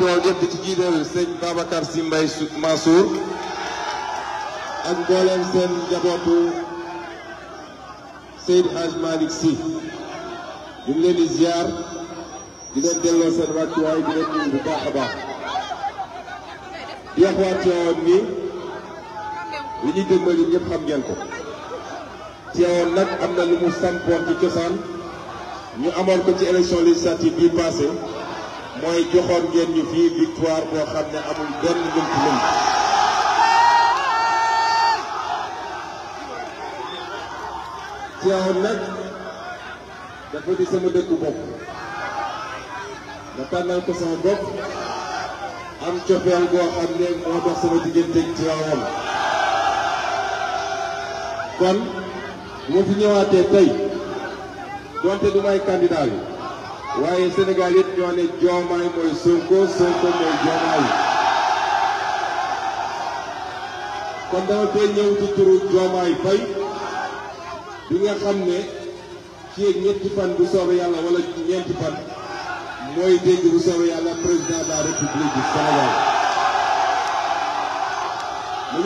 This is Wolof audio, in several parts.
coow yëpp ci jiital sëñ Babacar Sy Mbaye Mansour ak mbooleem seen njabootu Seydi Hadj Malick Sy ñu ngi leen di ziar di leen delloo seen wàccuwaay di leen nuyu bu baax a di wax waa ni li ñuy déglu ñun xam ngeen ko Tiwaawan nag am na lu mu sampoon ci cosaan ñu amoon ko ci élection législative bii passé mooy joxoon ngeen ñu fii victoire boo xam ne amul benn lënt-lënt Tiwaawan nag dafa di sama dëkku bopp ma tànnal ko sama bopp am cofeel boo xam ne moo dox sama digganteeg Tiwaawan kon bu fi ñëwaatee tey donte du may waaye Sénégal yëpp ñoo ne Diomaye mooy Sonko Sonko mooy Diomaye kon dama koy ñëw ci turu Diomaye Faye bi nga xam ne ci ñetti fan bu soobee yàlla wala ñeenti fan mooy dégg bu soobee yàlla président de république du Sénégal li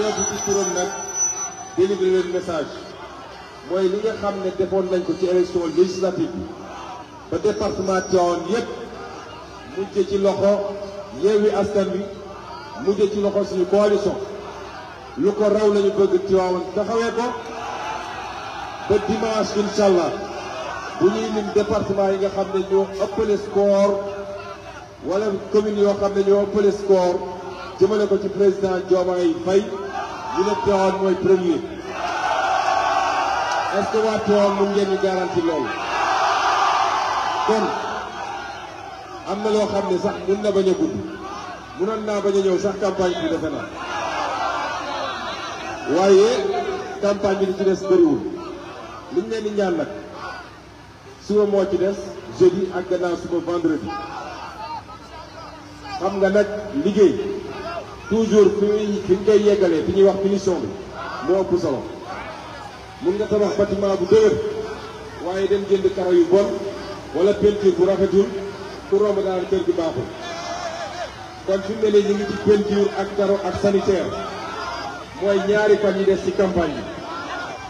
nga xam ne defoon nañ ko ci élection législative ba département Tivaouane yépp mujj ci loxo Yewwi Askan Wi mujj ci loxo si coalition lu ko raw lañu bëgg Tivaouane taxawee ko ba dimanche incha bu ñuy lim département yi nga xam ne ñoo ëppale score wala commune yoo xam ne ñoo ëppale score jëmale ko ci président Diomaye Faye ñu ne Tivaouane mooy premier est-ce que waa Tivaouane mun ngeen garanti loolu kon am na loo xam ne sax mun na bañ a gudd munoon naa bañ a ñëw sax campagne bi defe naa waaye campagne bi li ci des bëriwul liñ leen di ñaan nag suba moo ci des jeudi ak gannaaw suba vendredi xam nga nag liggéey toujours fi mu fi ñu koy yeggalee fi ñuy wax finition bi moo ëpp solo mun nga tabax bâtiment bu dëgër waaye dem jënd karo yu bon wala peinture bu rafetul ku romb daal kër gi baaxul kon fi mu ngi ci peinture ak taro ak sanitaire mooy ñaari fan yi des ci campagne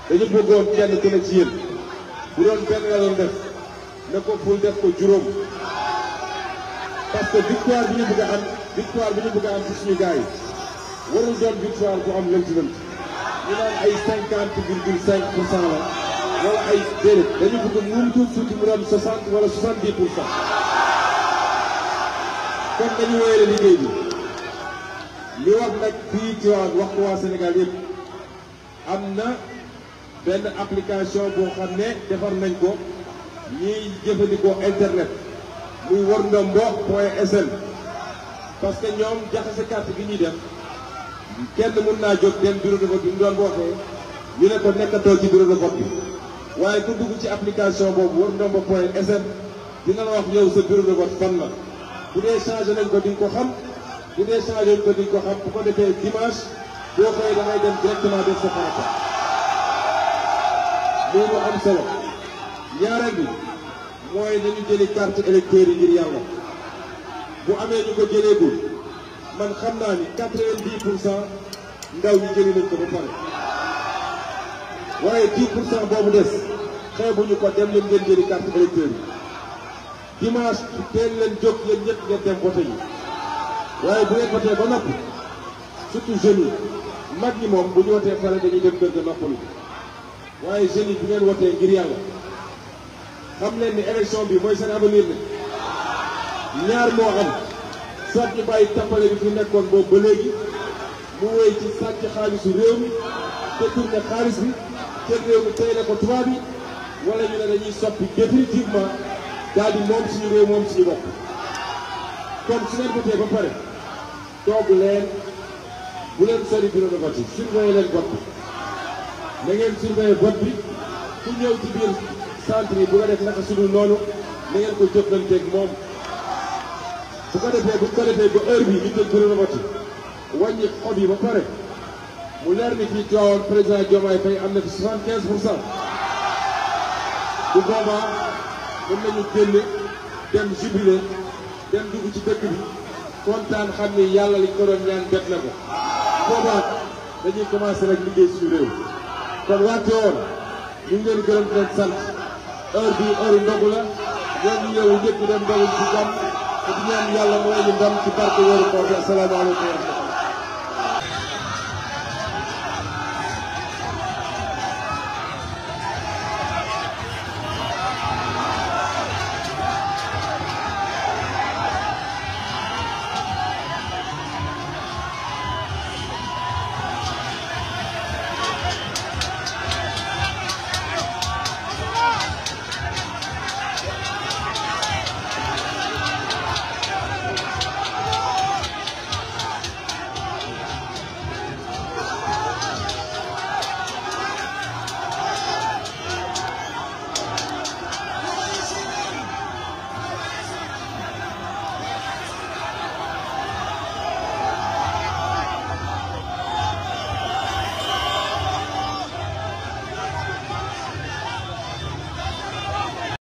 bi dañu bëggoon kenn ku ne ci yéen bu doon benn la def na ful def ko juróom parce que victoire bi ñu bëgg am victoire bi ñu bëgg a am ci suñu gars yi warul doon victoire bu am lënt-lënt ñu naan ay cinquante virgule cinq pour la. wala ay déedéet dañu bëgg nu mu tuuti tuuti mu dem 60 wala 70 pour cent kon dañu wéyale liggéey bi li wax nag fii ci wax wax ko waa Sénégal yëpp am na benn application boo xam ne defar nañ ko ñiy jëfandikoo internet muy warndombo point sn parce que ñoom jaxase carte gi ñuy def kenn mën naa jot dem bureau de vote bi mu doon wootee ñu ne ko nekkatoo ci bureau de vote bi waaye ku dugg ci application boobu Warndombo point sn dina la wax yow sa bureau de vote fan la bu dee changé lañ ko di ko xam bu dee changé ko di ko xam bu ko defee dimanche boo koy da dem directement def sa farata loolu am solo ñaareel bi mooy nañu jëli carte électeur yi ngir yàlla bu amee ñu ko jëleegul man xam naa ni quatre-vingt-dix pour cent ndaw ñu jëli nañ ko ba pare waaye 10 pour cent boobu des xeebuñu ko dem leen ngeen jëri carte électeur yi dimanche teel leen jóg yéen ñëpp ngeen dem voté yi waaye bu ngeen voté ba noppi surtout jeunes yi mag ñi moom bu ñu wotee pare dañuy dem kër ga noppalu waaye jeunes yi bu ngeen wotee ngir yàlla xam leen ni élection bi mooy seen avenir ne ñaar moo am soit ñu bàyyi tappale bi fi nekkoon boobu ba léegi mu wéy ci sàcc xaalisu réew mi te tourné xaalis bi te réew mi tey la ko tubaab yi wala ñu ne dañuy soppi définitivement daal di moom suñu réew moom suñu bopp kon su ngeen votee ba pare toogu leen bu leen sori bureau de vote leen vote bi na ngeen surveillé vote bi ku ñëw ci biir centre yi bu nga def naka sunu noonu na ngeen ko jëflanteeg moom bu ko defee bu ko defee ba heure bi ñu tëj bureau de vote yi yi ba pare mu leer ni fii Tivaouane président Diomaye Faye am na fi 75 pour cent bu boobaa mën nañu génn dem jubilé dem dugg ci dëkk bi kontaan xam ni yàlla liñ ko doon ñaan jot na ko. boobaa dañuy commencé rek liggéey suñu réew kon waa Tivaouane ñu ngi leen gërëm di leen sant heure bii heure ndogu la ñooñu ñëw ñëpp dem ndogu ci jàmm te di ñaan yàlla mooy ñu ndam ci barke wóoru kooku asalaamaaleykum